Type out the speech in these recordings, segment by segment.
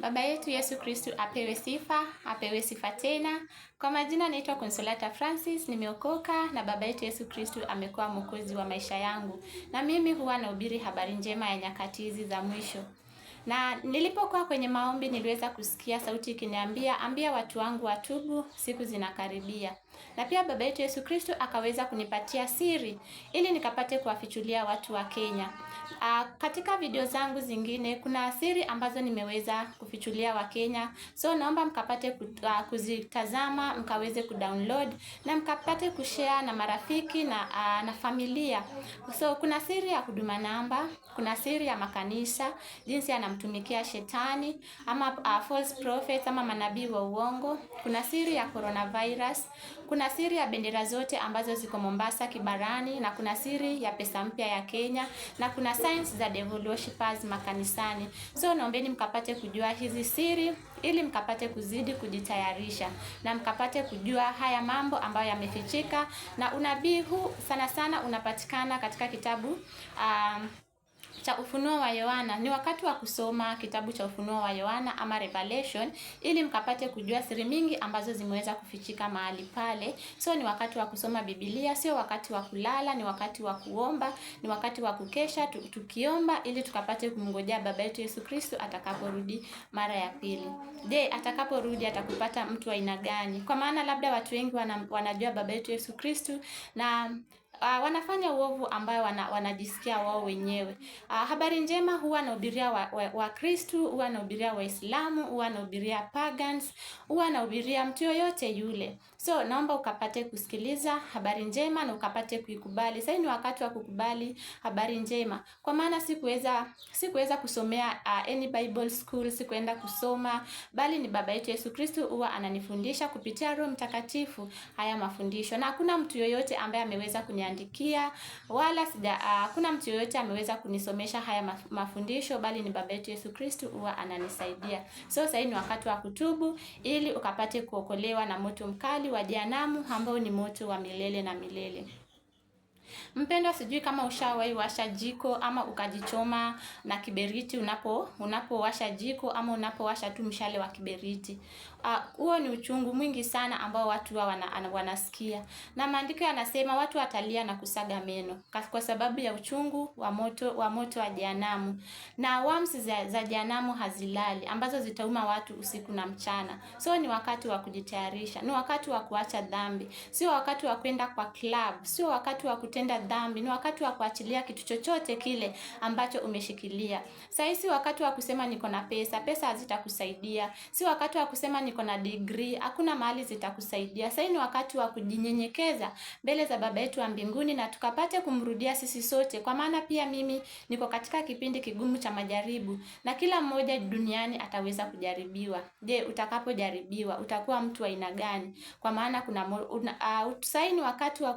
Baba yetu Yesu Kristu apewe sifa, apewe sifa tena. Kwa majina naitwa Consolata Francis, nimeokoka na baba yetu Yesu Kristu amekuwa mwokozi wa maisha yangu, na mimi huwa nahubiri habari njema ya nyakati hizi za mwisho na nilipokuwa kwenye maombi niliweza kusikia sauti ikiniambia, ambia watu wangu watubu, siku zinakaribia na pia baba yetu Yesu Kristo akaweza kunipatia siri ili nikapate kuwafichulia watu wa Kenya. A, ah, katika video zangu zingine kuna siri ambazo nimeweza kufichulia wa Kenya, so naomba mkapate ah, kuzitazama, mkaweze kudownload na mkapate kushare na marafiki na, a, ah, na familia. So kuna siri ya huduma namba, kuna siri ya makanisa, jinsi anamtumikia shetani ama a, false prophets ama manabii wa uongo, kuna siri ya coronavirus kuna siri ya bendera zote ambazo ziko Mombasa Kibarani, na kuna siri ya pesa mpya ya Kenya, na kuna signs za devil worshipers makanisani. So naombeni mkapate kujua hizi siri ili mkapate kuzidi kujitayarisha na mkapate kujua haya mambo ambayo yamefichika, na unabii huu sana sana unapatikana katika kitabu um, cha Ufunuo wa Yohana. Ni wakati wa kusoma kitabu cha Ufunuo wa Yohana ama Revelation ili mkapate kujua siri mingi ambazo zimeweza kufichika mahali pale. So ni wakati wa kusoma Biblia, sio wakati wa kulala, ni wakati wa kuomba, ni wakati wa kukesha tukiomba ili tukapate kumngojea baba yetu Yesu Kristo atakaporudi mara ya pili. Je, atakaporudi atakupata mtu wa aina gani? Kwa maana labda watu wengi wanajua baba yetu Yesu Kristo na Uh, wanafanya uovu ambayo wana, wanajisikia wao wenyewe. Uh, habari njema huwa anahubiria Wakristu wa, wa Kristu, huwa anahubiria Waislamu, huwa anahubiria pagans, huwa anahubiria mtu yoyote yule. So naomba ukapate kusikiliza habari njema na ukapate kuikubali. Sasa ni wakati wa kukubali habari njema, kwa maana sikuweza sikuweza kusomea uh, any Bible school, sikuenda kusoma, bali ni baba yetu Yesu Kristu huwa ananifundisha kupitia Roho Mtakatifu haya mafundisho, na hakuna mtu yoyote ambaye ameweza kuni kuniandikia wala sija, uh, ah, kuna mtu yoyote ameweza kunisomesha haya maf mafundisho, bali ni baba yetu Yesu Kristo huwa ananisaidia. So sasa ni wakati wa kutubu ili ukapate kuokolewa na moto mkali wa jehanamu ambao ni moto wa milele na milele. Mpendwa, sijui kama ushawahi washa jiko ama ukajichoma na kiberiti unapo unapowasha jiko ama unapowasha tu mshale wa kiberiti. Ah, huo uh, ni uchungu mwingi sana ambao watu wa wana, wanasikia. Na maandiko yanasema watu watalia na kusaga meno kwa sababu ya uchungu wa moto wa moto wa jehanamu. Na worms za, za jehanamu hazilali ambazo zitauma watu usiku na mchana. So ni wakati wa kujitayarisha, ni wakati wa kuacha dhambi, sio wakati wa kwenda kwa club, sio wakati wa kutenda dhambi, ni wakati wa kuachilia kitu chochote kile ambacho umeshikilia. Sasa si wakati wa kusema niko na pesa, pesa hazitakusaidia. Si wakati wa kusema niko na degree, hakuna mali zitakusaidia. Sasa ni wakati wa kujinyenyekeza mbele za baba yetu wa mbinguni na tukapate kumrudia sisi sote, kwa maana pia mimi niko katika kipindi kigumu cha majaribu, na kila mmoja duniani ataweza kujaribiwa. Je, utakapojaribiwa utakuwa mtu wa aina gani? Kwa maana kuna uh, sasa ni wakati wa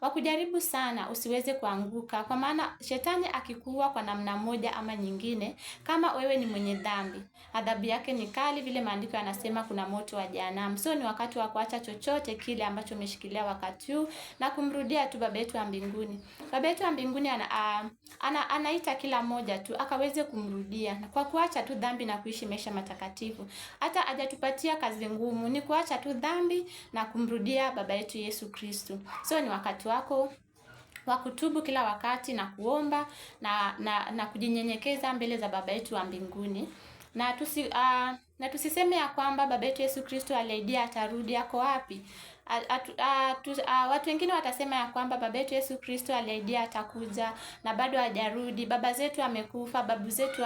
waku, kujaribu sana usiweze kuanguka, kwa maana shetani akikuwa kwa namna moja ama nyingine, kama wewe ni mwenye dhambi, adhabu yake ni kali, vile maandiko yanasema kuna moto wa jahanamu. So ni wakati wa kuacha chochote kile ambacho umeshikilia wakati huu na kumrudia tu baba yetu wa mbinguni. Baba yetu wa mbinguni ana, ana, ana, anaita kila mmoja tu akaweze kumrudia kwa kuacha tu dhambi na kuishi maisha matakatifu. Hata hajatupatia kazi ngumu, ni kuacha tu dhambi na kumrudia baba yetu Yesu Kristu. So ni wakati wako wa kutubu kila wakati na kuomba na na, na kujinyenyekeza mbele za baba yetu wa mbinguni na tusi uh, na tusiseme ya kwamba baba yetu Yesu Kristo aliaidia atarudi ako wapi. Watu wengine watasema ya kwamba baba yetu Yesu Kristo aliaidia atakuja na bado hajarudi, baba zetu amekufa, babu zetu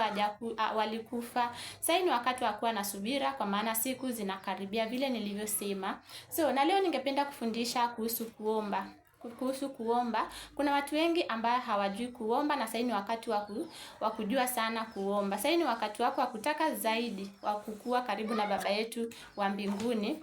walikufa. Sasa ni wakati wa kuwa na subira, kwa maana siku zinakaribia, vile nilivyosema. So na leo ningependa kufundisha kuhusu kuomba kuhusu kuomba. Kuna watu wengi ambao hawajui kuomba na sasa ni wakati wa wa kujua sana kuomba. Sasa ni wakati wako wa kutaka zaidi wa kukua karibu na Baba yetu wa mbinguni.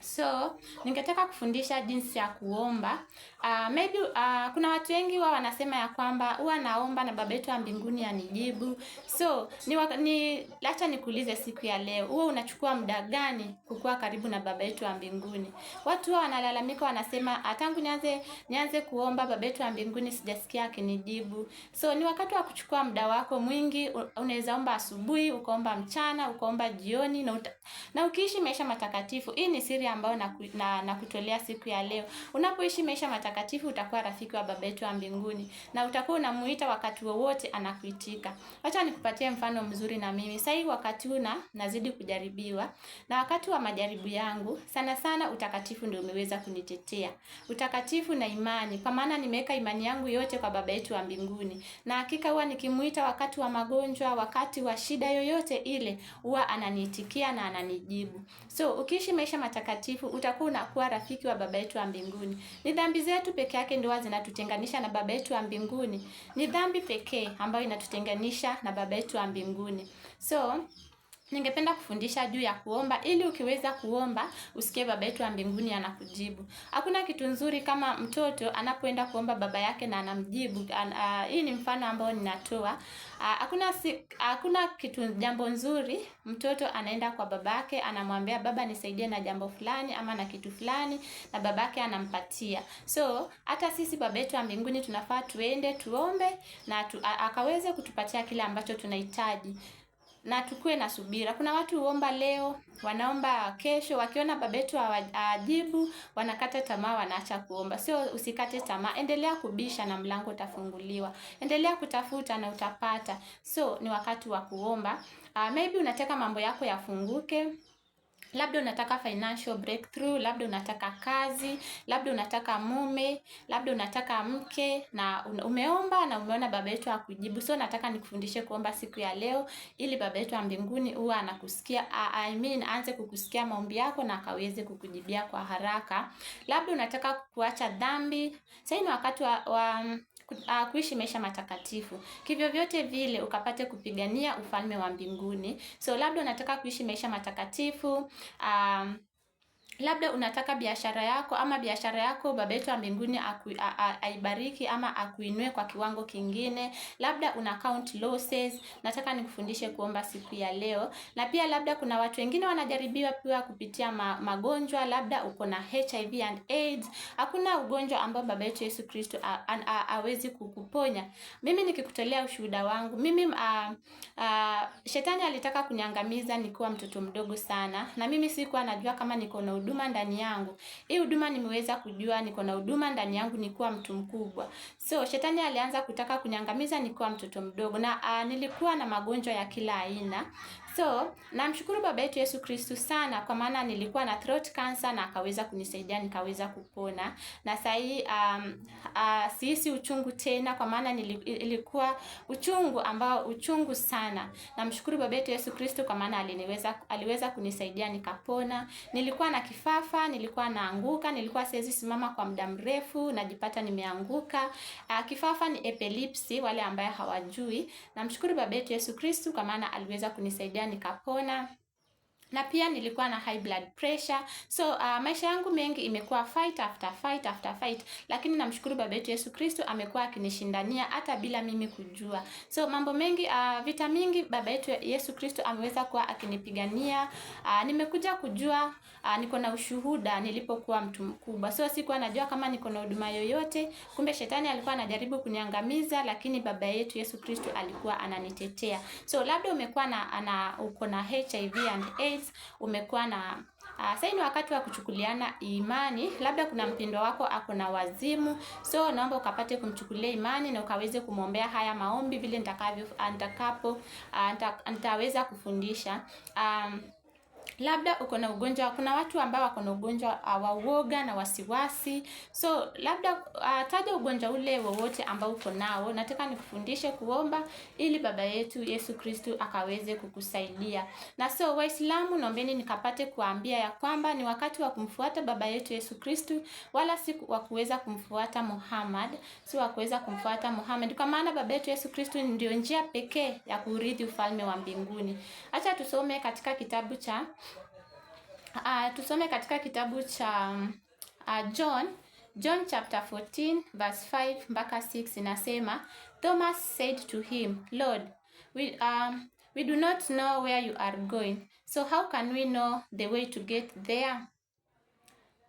So ningetaka kufundisha jinsi ya kuomba. Uh, maybe uh, kuna watu wengi wao wanasema ya kwamba huwa naomba na baba yetu wa mbinguni anijibu. So ni, ni lacha nikuulize siku ya leo, huwa unachukua muda gani kukuwa karibu na baba yetu wa mbinguni? Watu wao wanalalamika, wanasema ah, tangu nianze nianze kuomba baba yetu wa mbinguni sijasikia akinijibu. So ni wakati wa kuchukua muda wako mwingi. Unaweza omba asubuhi, ukaomba mchana, ukaomba jioni na, uta, na ukiishi maisha matakatifu. Hii ni siri ambayo nakutolea na, na siku ya leo. Unapoishi maisha matakatifu utakuwa rafiki wa Baba yetu wa mbinguni na utakuwa unamuita wakati wowote anakuitika. Acha nikupatie mfano mzuri na mimi. Sasa hii wakati huu na nazidi kujaribiwa na wakati wa majaribu yangu sana sana utakatifu ndio umeweza kunitetea. Utakatifu na imani kwa maana nimeweka imani yangu yote kwa Baba yetu wa mbinguni. Na hakika huwa nikimuita wakati wa magonjwa, wakati wa shida yoyote ile huwa ananiitikia na ananijibu. So ukiishi maisha matakatifu Mtakatifu utakuwa unakuwa rafiki wa Baba yetu wa mbinguni. Ni dhambi zetu peke yake ndio zinatutenganisha na Baba yetu wa mbinguni. Ni dhambi pekee ambayo inatutenganisha na Baba yetu wa mbinguni. So Ningependa kufundisha juu ya kuomba ili ukiweza kuomba usikie baba yetu wa mbinguni anakujibu. Hakuna kitu nzuri kama mtoto anapoenda kuomba baba yake na anamjibu. An, uh, hii ni mfano ambao ninatoa. Hakuna uh, hakuna si, uh, kitu jambo nzuri mtoto anaenda kwa babake anamwambia baba nisaidie na jambo fulani ama na kitu fulani na babake anampatia. So hata sisi baba yetu wa mbinguni tunafaa tuende tuombe na tu, uh, akaweze kutupatia kile ambacho tunahitaji na tukue na subira. Kuna watu huomba leo, wanaomba kesho, wakiona babetu hawajibu wanakata tamaa, wanaacha kuomba. Sio, usikate tamaa, endelea kubisha na mlango utafunguliwa, endelea kutafuta na utapata. So ni wakati wa kuomba. Uh, maybe unataka mambo yako yafunguke labda unataka financial breakthrough, labda unataka kazi, labda unataka mume, labda unataka mke na umeomba na umeona baba yetu akujibu So nataka nikufundishe kuomba siku ya leo ili baba yetu wa mbinguni huwa anakusikia, I mean aanze kukusikia maombi yako na akaweze kukujibia kwa haraka. Labda unataka kuacha dhambi. Sasa ni wakati wa, wa Ah, kuishi maisha matakatifu kivyo vyote vile ukapate kupigania ufalme wa mbinguni. So labda unataka kuishi maisha matakatifu um, labda unataka biashara yako ama biashara yako Baba yetu wa mbinguni aibariki ama akuinue kwa kiwango kingine. Labda una account losses, nataka nikufundishe kuomba siku ya leo. Na pia labda kuna watu wengine wanajaribiwa pia kupitia ma, magonjwa, labda uko na HIV and AIDS. Hakuna ugonjwa ambao Baba yetu Yesu Kristo hawezi kukuponya. Mimi nikikutolea ushuhuda wangu, mimi a, a, shetani alitaka kuniangamiza nikiwa mtoto mdogo sana, na mimi sikuwa najua kama niko na huduma ndani yangu. Hii huduma nimeweza kujua niko na huduma ndani yangu kuwa mtu mkubwa. So shetani alianza kutaka kuniangamiza nikuwa mtoto mdogo na a, ah, nilikuwa na magonjwa ya kila aina. So namshukuru baba yetu Yesu Kristu sana, kwa maana nilikuwa na throat cancer na akaweza kunisaidia nikaweza kupona, na sasa hii um, uh, sihisi uchungu tena, kwa maana ilikuwa uchungu ambao uchungu sana. Namshukuru baba yetu Yesu Kristu kwa maana aliniweza aliweza kunisaidia nikapona. Nilikuwa na kifafa, nilikuwa naanguka, nilikuwa siwezi simama kwa muda mrefu, najipata nimeanguka. Uh, kifafa ni epilepsy, wale ambaye hawajui. Namshukuru baba yetu Yesu Kristu kwa maana aliweza kunisaidia nikapona na pia nilikuwa na high blood pressure. So uh, maisha yangu mengi imekuwa fight after fight after fight, lakini namshukuru baba yetu Yesu Kristo amekuwa akinishindania hata bila mimi kujua. So mambo mengi uh, vita mingi baba yetu Yesu Kristo ameweza kuwa akinipigania. Uh, nimekuja kujua uh, niko na ushuhuda nilipokuwa mtu mkubwa. So sikuwa najua kama niko na huduma yoyote, kumbe shetani alikuwa anajaribu kuniangamiza, lakini baba yetu Yesu Kristo alikuwa ananitetea. So labda umekuwa na, na uko na HIV and AIDS lives umekuwa na Uh, sasa ni wakati wa kuchukuliana imani. Labda kuna mpindo wako ako na wazimu, so naomba ukapate kumchukulia imani na ukaweze kumwombea haya maombi vile nitakavyo ah, nitakapo uh, nitaweza kufundisha um, labda uko na ugonjwa. Kuna watu ambao wako na ugonjwa ah, wa uoga na wasiwasi, so labda uh, taja ugonjwa ule wowote ambao uko nao. Nataka nikufundishe kuomba ili baba yetu Yesu Kristu akaweze kukusaidia. Na so Waislamu, naombeni nikapate kuambia ya kwamba ni wakati wa kumfuata baba yetu Yesu Kristu, wala si wa kuweza kumfuata Muhammad, si wa kuweza kumfuata Muhammad, kwa maana baba yetu Yesu Kristu ndio njia pekee ya kurithi ufalme wa mbinguni. Acha tusome katika kitabu cha Uh, tusome katika kitabu cha uh, John John chapter 14 verse 5 mpaka 6 inasema, Thomas said to him, Lord, we, um, we do not know where you are going, so how can we know the way to get there?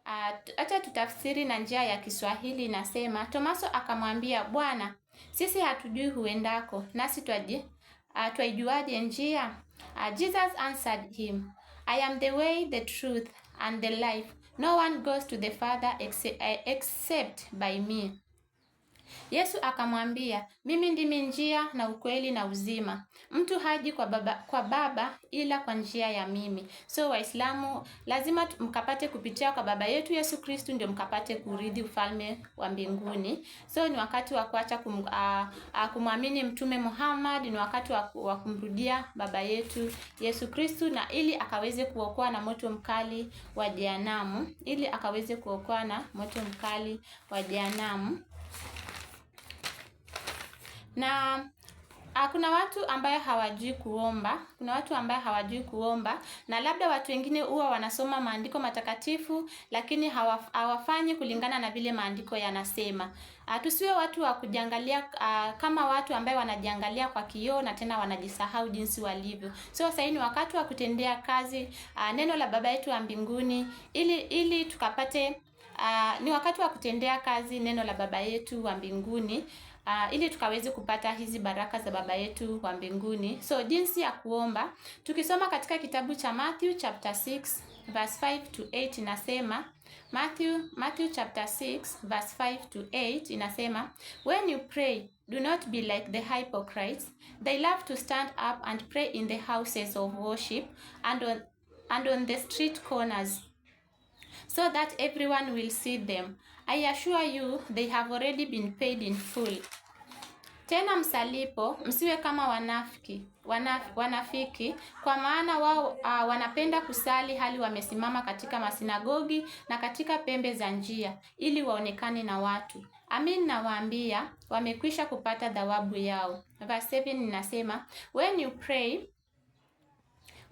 Ah, acha uh, tutafsiri na njia ya Kiswahili inasema, Tomaso akamwambia, Bwana, sisi hatujui huendako, nasi twaje, uh, twaijuaje njia? Uh, Jesus answered him I am the way, the truth, and the life. No one goes to the Father eh, except by me. Yesu akamwambia, mimi ndimi njia na ukweli na uzima, mtu haji kwa baba, kwa baba ila kwa njia ya mimi. So Waislamu lazima mkapate kupitia kwa baba yetu Yesu Kristu ndio mkapate kurithi ufalme wa mbinguni. So ni wakati wa kuacha kum, kumwamini Mtume Muhammad, ni wakati wa kumrudia baba yetu Yesu Kristu, na ili akaweze kuokoa na moto mkali wa jehanamu, ili akaweze kuokoa na moto mkali wa jehanamu. Na a, ah, kuna watu ambayo hawajui kuomba, kuna watu ambayo hawajui kuomba, na labda watu wengine huwa wanasoma maandiko matakatifu lakini hawaf, hawafanyi kulingana na vile maandiko yanasema. Ah, tusiwe watu wa kujiangalia ah, kama watu ambayo wanajiangalia kwa kioo na tena wanajisahau jinsi walivyo. So sasa ni wakati wa kutendea kazi a, neno la Baba yetu wa mbinguni ili ili tukapate a, ni wakati wa kutendea kazi neno la Baba yetu wa mbinguni uh, ili tukaweze kupata hizi baraka za Baba yetu wa mbinguni. So jinsi ya kuomba, tukisoma katika kitabu cha Matthew chapter 6 verse 5 to 8 inasema Matthew, Matthew chapter 6 verse 5 to 8 inasema when you pray do not be like the hypocrites they love to stand up and pray in the houses of worship and on, and on the street corners so that everyone will see them I assure you they have already been paid in full tena msalipo msiwe kama wanafiki, wanaf, wanafiki kwa maana wao uh, wanapenda kusali hali wamesimama katika masinagogi na katika pembe za njia ili waonekane na watu. Amin nawaambia, wamekwisha kupata thawabu yao. Verse 7 inasema, when you pray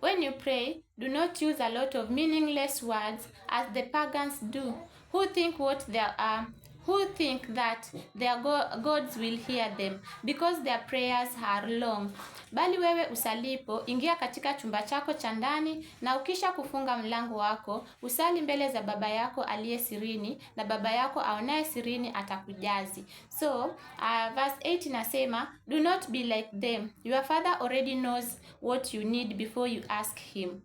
When you pray, do not use a lot of meaningless words as the pagans do, who think what they are, who think that their gods will hear them because their prayers are long. Bali wewe usalipo, ingia katika chumba chako cha ndani, na ukisha kufunga mlango wako usali mbele za Baba yako aliye sirini, na Baba yako aonaye sirini atakujazi. So uh, verse 8 inasema do not be like them, your father already knows what you need before you ask him.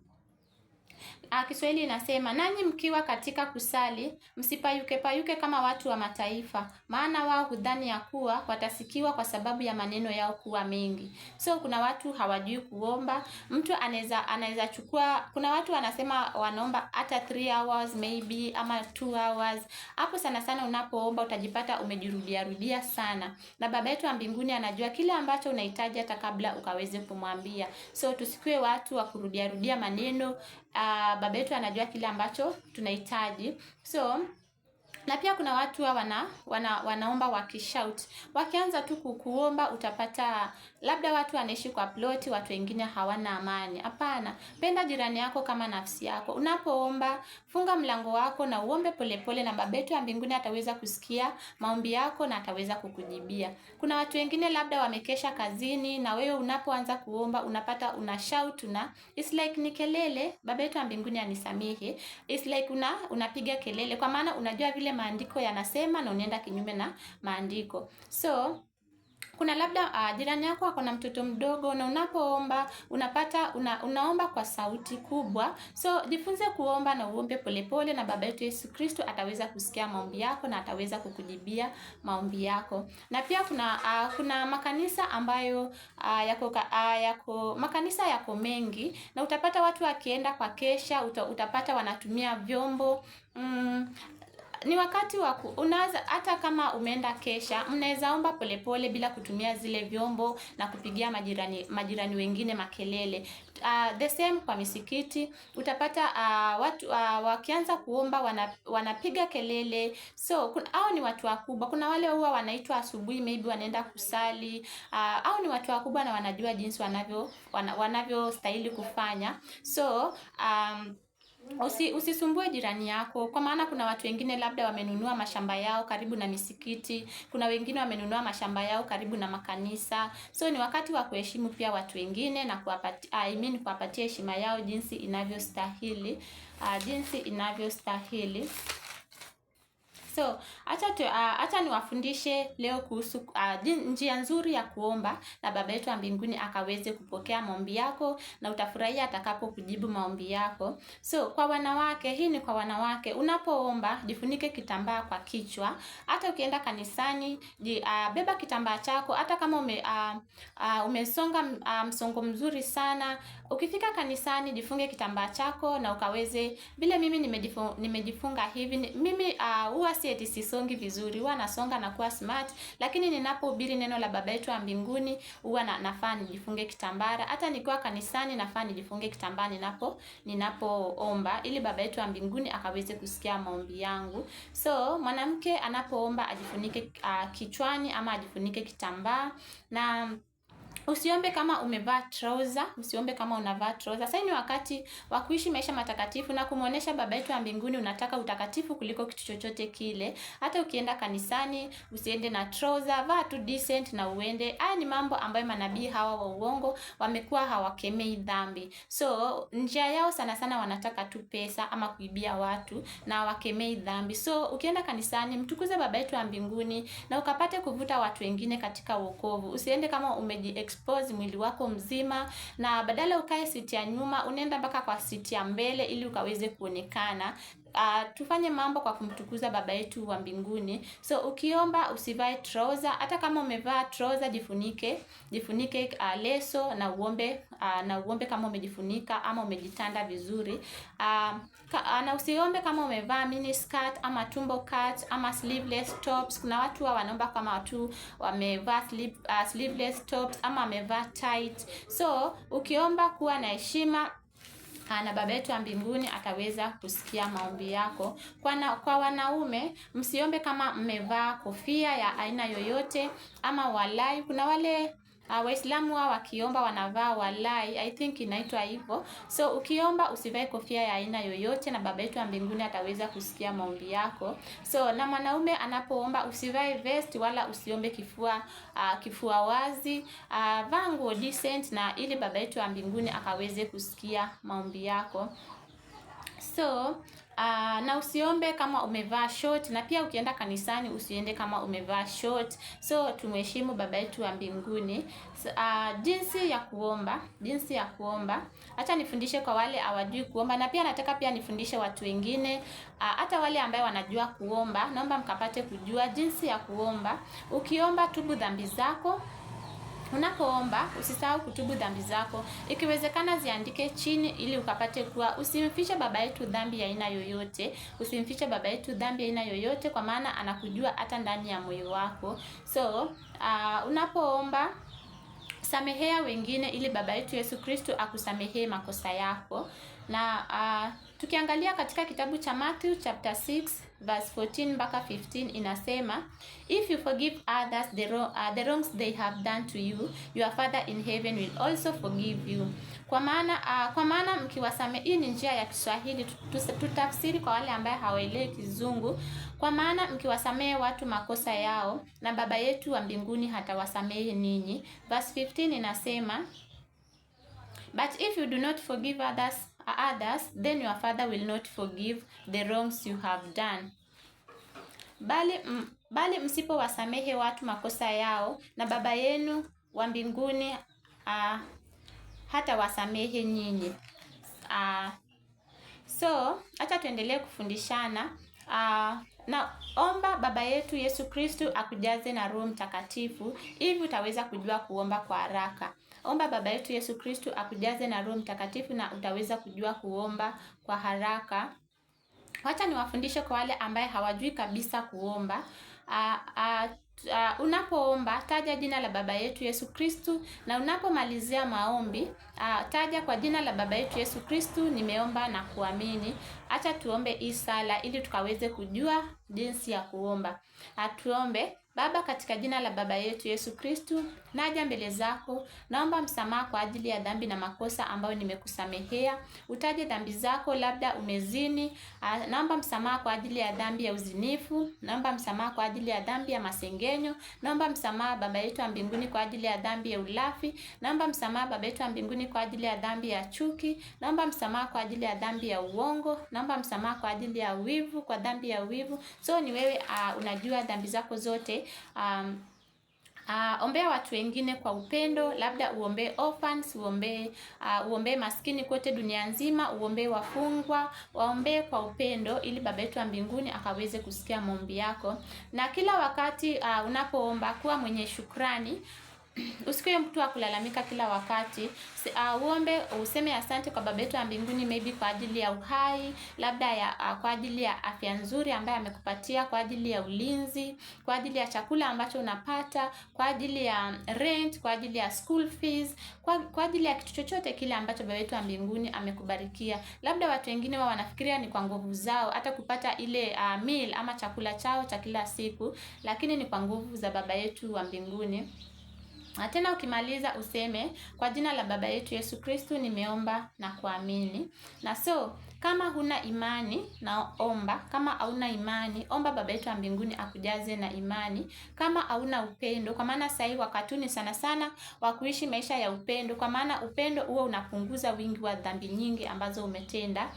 Ah, Kiswahili inasema nanyi mkiwa katika kusali msipayuke payuke kama watu wa mataifa, maana wao hudhani ya kuwa watasikiwa kwa sababu ya maneno yao kuwa mengi. So kuna watu hawajui kuomba. Mtu anaweza anaweza chukua, kuna watu wanasema wanaomba hata 3 hours maybe ama 2 hours. Hapo sana sana unapoomba utajipata umejirudia rudia sana, na baba yetu wa mbinguni anajua kile ambacho unahitaji hata kabla ukaweze kumwambia. So tusikue watu wa kurudia rudia maneno uh, ah, baba yetu anajua kile ambacho tunahitaji so na pia kuna watu wa wana, wana, wanaomba wakishout, wakianza tu kukuomba utapata labda watu wanaishi kwa ploti, watu wengine hawana amani. Hapana, penda jirani yako kama nafsi yako. Unapoomba funga mlango wako na uombe polepole, na Baba yetu ya mbinguni ataweza kusikia maombi yako na ataweza kukujibia. Kuna watu wengine labda wamekesha kazini, na wewe unapoanza kuomba unapata una shout na it's like ni kelele. Baba yetu ya mbinguni anisamehe, it's like una unapiga kelele, kwa maana unajua vile maandiko yanasema na unaenda kinyume na maandiko. So kuna labda uh, jirani yako ako na mtoto mdogo na unapoomba unapata una, unaomba kwa sauti kubwa. So jifunze kuomba na uombe polepole, na baba yetu Yesu Kristo ataweza kusikia maombi yako na ataweza kukujibia maombi yako. Na pia kuna uh, kuna makanisa ambayo uh, yako uh, yako makanisa yako mengi, na utapata watu wakienda kwa kesha uta, utapata wanatumia vyombo mm, ni wakati wa unaweza, hata kama umeenda kesha, mnaweza omba polepole bila kutumia zile vyombo na kupigia majirani majirani wengine makelele. Uh, the same kwa misikiti utapata uh, watu uh, wakianza kuomba wana, wanapiga kelele, so kuna, au ni watu wakubwa. Kuna wale huwa wanaitwa asubuhi, maybe wanaenda kusali uh, au ni watu wakubwa na wanajua jinsi wanavyo wanavyostahili kufanya so um, Usi, usisumbue jirani yako, kwa maana kuna watu wengine labda wamenunua mashamba yao karibu na misikiti, kuna wengine wamenunua mashamba yao karibu na makanisa. So ni wakati wa kuheshimu pia watu wengine na kuwapatia ah, I mean, kuwapatia heshima yao jinsi inavyostahili, uh, jinsi inavyostahili. So acha tu, uh, acha niwafundishe leo kuhusu uh, njia nzuri ya kuomba na Baba yetu wa mbinguni akaweze kupokea maombi yako na utafurahia atakapo kujibu maombi yako. So kwa wanawake, hii ni kwa wanawake. Unapoomba jifunike kitambaa kwa kichwa. Hata ukienda kanisani ji, uh, beba kitambaa chako hata kama ume, uh, uh, umesonga uh, msongo mzuri sana. Ukifika kanisani jifunge kitambaa chako na ukaweze vile mimi nimejifunga, hivi mimi uh, huwa si eti sisongi vizuri, huwa nasonga na kuwa smart, lakini ninapohubiri neno la Baba yetu wa mbinguni huwa na, nafaa nijifunge kitambara. Hata nikiwa kanisani nafaa nijifunge kitambaa ninapo ninapoomba, ili Baba yetu wa mbinguni akaweze kusikia maombi yangu. So mwanamke anapoomba ajifunike uh, kichwani ama ajifunike kitambaa na Usiombe kama umevaa trouser, usiombe kama unavaa trouser. Sasa ni wakati wa kuishi maisha matakatifu na kumuonesha Baba yetu wa mbinguni unataka utakatifu kuliko kitu chochote kile. Hata ukienda kanisani, usiende na trouser, vaa tu decent na uende. Haya ni mambo ambayo manabii hawa wa uongo wamekuwa hawakemei dhambi. So njia yao sana sana wanataka tu pesa ama kuibia watu na wakemei dhambi. So ukienda kanisani, mtukuze Baba yetu wa mbinguni na ukapate kuvuta watu wengine katika wokovu. Usiende kama umeji expose mwili wako mzima, na badala ukae siti ya nyuma unaenda mpaka kwa siti ya mbele ili ukaweze kuonekana uh, tufanye mambo kwa kumtukuza baba yetu wa mbinguni. So ukiomba usivae trouser, hata kama umevaa trouser jifunike, jifunike uh, leso na uombe uh, na uombe kama umejifunika ama umejitanda vizuri. Uh, ka, uh, na usiombe kama umevaa mini skirt ama tumbo cut ama sleeveless tops. Kuna watu wa wanaomba kama watu wamevaa sleeve, uh, sleeveless tops ama wamevaa tight. So ukiomba kuwa na heshima Ah, na Baba yetu wa mbinguni ataweza kusikia maombi yako. Kwa, na, kwa wanaume msiombe kama mmevaa kofia ya aina yoyote ama walai. Kuna wale Uh, Waislamu wao wakiomba wanavaa walai, I think inaitwa hivyo. So ukiomba usivae kofia ya aina yoyote, na baba yetu wa mbinguni ataweza kusikia maombi yako. So na mwanaume anapoomba usivae vest wala usiombe kifua uh, kifua wazi. Uh, vaa nguo decent na ili baba yetu wa mbinguni akaweze kusikia maombi yako. So Aa, ah, na usiombe kama umevaa short, na pia ukienda kanisani usiende kama umevaa short. So tumheshimu baba yetu wa mbinguni. Aa, ah, jinsi ya kuomba, jinsi ya kuomba. Acha nifundishe kwa wale hawajui kuomba, na pia nataka pia nifundishe watu wengine, ah, hata wale ambao wanajua kuomba. Naomba mkapate kujua jinsi ya kuomba. Ukiomba, tubu dhambi zako. Unapoomba usisahau kutubu dhambi zako, ikiwezekana ziandike chini, ili ukapate kuwa usimfiche baba yetu dhambi ya aina yoyote, usimfiche baba yetu dhambi ya aina yoyote, kwa maana anakujua hata ndani ya moyo wako. So uh, unapoomba samehea wengine, ili baba yetu Yesu Kristo akusamehee makosa yako na uh, Tukiangalia katika kitabu cha Matthew chapter 6 verse 14 mpaka 15 inasema, if you forgive others the, wrong, uh, the wrongs they have done to you your father in heaven will also forgive you. Kwa maana uh, kwa maana mkiwasame, Hii ni njia ya Kiswahili tutafsiri kwa wale ambaye hawaelewi Kizungu. Kwa maana mkiwasamehe watu makosa yao, na baba yetu wa mbinguni hatawasamehe ninyi. Verse 15 inasema, but if you do not forgive others others, then your father will not forgive the wrongs you have done. Bali, m, bali msipowasamehe watu makosa yao na baba yenu wa mbinguni uh, hata wasamehe nyinyi. Uh, so acha tuendelee kufundishana uh, na omba Baba yetu Yesu Kristu akujaze na Roho Mtakatifu ili utaweza kujua kuomba kwa haraka. Omba Baba yetu Yesu Kristu akujaze na Roho Mtakatifu na utaweza kujua kuomba kwa haraka. Wacha niwafundishe kwa wale ambaye hawajui kabisa kuomba. A, a, a, unapoomba taja jina la Baba yetu Yesu Kristu, na unapomalizia maombi a, taja kwa jina la Baba yetu Yesu Kristu, nimeomba na kuamini. Acha tuombe hii sala ili tukaweze kujua jinsi ya kuomba. Atuombe. Baba, katika jina la baba yetu Yesu Kristu, naja mbele zako, naomba msamaha kwa ajili ya dhambi na makosa ambayo nimekusamehea. Utaje dhambi zako, labda umezini. Naomba msamaha kwa ajili ya dhambi ya uzinifu, naomba msamaha kwa ajili ya dhambi ya masengenyo, naomba msamaha baba yetu wa mbinguni kwa ajili ya dhambi ya ulafi, naomba msamaha baba yetu wa mbinguni kwa ajili ya dhambi ya chuki, naomba msamaha kwa ajili ya dhambi ya uongo, naomba unaomba msamaha kwa ajili ya wivu, kwa dhambi ya wivu. So ni wewe uh, unajua dhambi zako zote um, Uh, ombea watu wengine kwa upendo, labda uombee orphans, uombee uh, uombee maskini kote dunia nzima, uombee wafungwa, waombee kwa upendo, ili baba yetu wa mbinguni akaweze kusikia maombi yako. Na kila wakati uh, unapoomba kuwa mwenye shukrani. Usikuwe mtu wa kulalamika kila wakati. Uh, uombe useme asante kwa Baba yetu wa mbinguni, maybe kwa ajili ya uhai, labda ya uh, kwa ajili ya afya nzuri ambayo amekupatia, kwa ajili ya ulinzi, kwa ajili ya chakula ambacho unapata, kwa ajili ya rent, kwa ajili ya school fees, kwa, kwa ajili ya kitu chochote kile ambacho Baba yetu wa mbinguni amekubarikia. Labda watu wengine wao wanafikiria ni kwa nguvu zao hata kupata ile uh, meal ama chakula chao cha kila siku, lakini ni kwa nguvu za Baba yetu wa mbinguni. Na tena ukimaliza useme kwa jina la Baba yetu Yesu Kristu nimeomba na kuamini. Na so kama huna imani na omba, kama hauna imani, omba Baba yetu wa mbinguni akujaze na imani. Kama hauna upendo, kwa maana sasa hivi wakatuni sana sana wa kuishi maisha ya upendo, kwa maana upendo huo unapunguza wingi wa dhambi nyingi ambazo umetenda.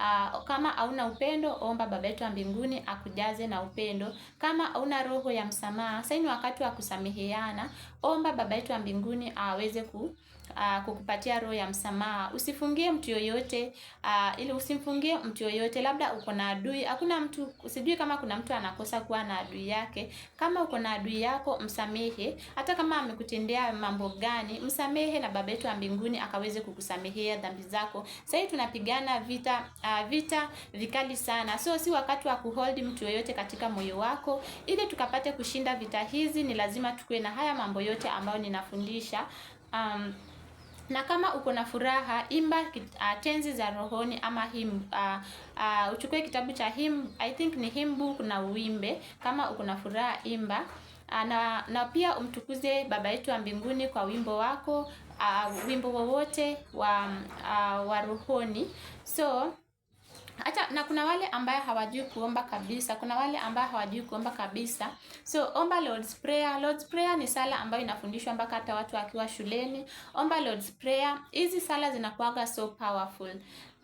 Uh, kama hauna upendo, omba Baba yetu wa mbinguni akujaze na upendo. Kama hauna roho ya msamaha, sasa ni wakati wa kusameheana, omba Baba yetu wa mbinguni aweze ku uh, kukupatia roho ya msamaha. Usifungie mtu yoyote uh, ili usimfungie mtu yoyote, labda uko na adui. Hakuna mtu, sijui kama kuna mtu anakosa kuwa na adui yake. Kama uko na adui yako, msamehe. Hata kama amekutendea mambo gani, msamehe na baba yetu wa mbinguni akaweze kukusamehea dhambi zako. Sasa hivi tunapigana vita uh, vita vikali sana, so si wakati wa kuhold mtu yoyote katika moyo wako. Ili tukapate kushinda vita hizi, ni lazima tukue na haya mambo yote ambayo ninafundisha um, na kama uko na furaha imba uh, tenzi za rohoni ama him, uh, uh, uchukue kitabu cha him, I think ni hymn book na uimbe. Kama uko na furaha imba uh, na, na pia umtukuze Baba yetu wa mbinguni kwa wimbo wako uh, wimbo wowote wa, uh, wa rohoni so Acha na kuna wale ambaye hawajui kuomba kabisa. Kuna wale ambaye hawajui kuomba kabisa. So omba Lord's Prayer. Lord's Prayer ni sala ambayo inafundishwa mpaka hata watu wakiwa shuleni. Omba Lord's Prayer. Hizi sala zinakuwa so powerful.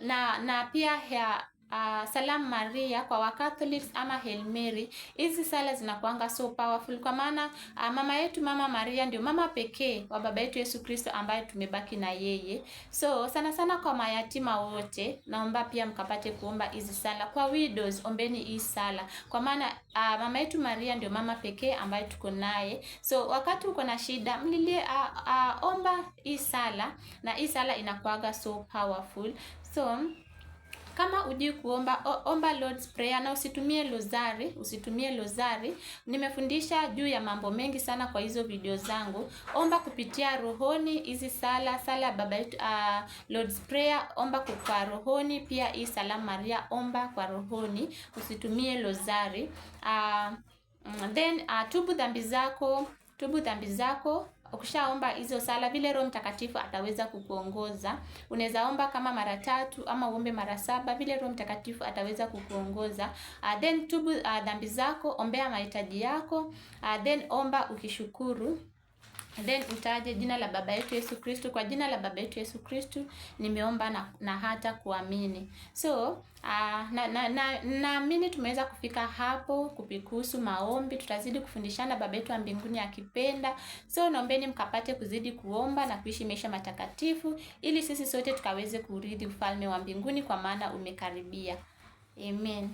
Na na pia ya uh, Salam Maria kwa Wakatholiki ama Hail Mary. Hizi sala zinakuanga so powerful kwa maana uh, mama yetu mama Maria ndio mama pekee wa baba yetu Yesu Kristo ambaye tumebaki na yeye. So sana sana kwa mayatima wote, naomba pia mkapate kuomba hizi sala. Kwa widows ombeni hii sala kwa maana uh, mama yetu Maria ndio mama pekee ambaye tuko naye. So wakati uko na shida mlilie, uh, uh, omba hii sala na hii sala inakuaga so powerful so kama ujui kuomba, omba Lord's Prayer na usitumie lozari, usitumie lozari. Nimefundisha juu ya mambo mengi sana kwa hizo video zangu. Omba kupitia rohoni hizi sala, sala baba yetu, uh, Lord's Prayer, omba kwa rohoni pia hii Salamu Maria omba kwa rohoni, usitumie lozari. Uh, then uh, tubu dhambi zako, tubu dhambi zako ukishaomba hizo sala vile Roho Mtakatifu ataweza kukuongoza. Unaweza omba kama mara tatu ama uombe mara saba, vile Roho Mtakatifu ataweza kukuongoza. Uh, then tubu uh, dhambi zako, ombea mahitaji yako uh, then omba ukishukuru. Then utaje jina la baba yetu Yesu Kristu. Kwa jina la baba yetu Yesu Kristu nimeomba na, na hata kuamini. So uh, na naamini na, na tumeweza kufika hapo kupikusu maombi. Tutazidi kufundishana baba yetu wa mbinguni akipenda. So naombeni mkapate kuzidi kuomba na kuishi maisha matakatifu, ili sisi sote tukaweze kuridhi ufalme wa mbinguni, kwa maana umekaribia. Amen.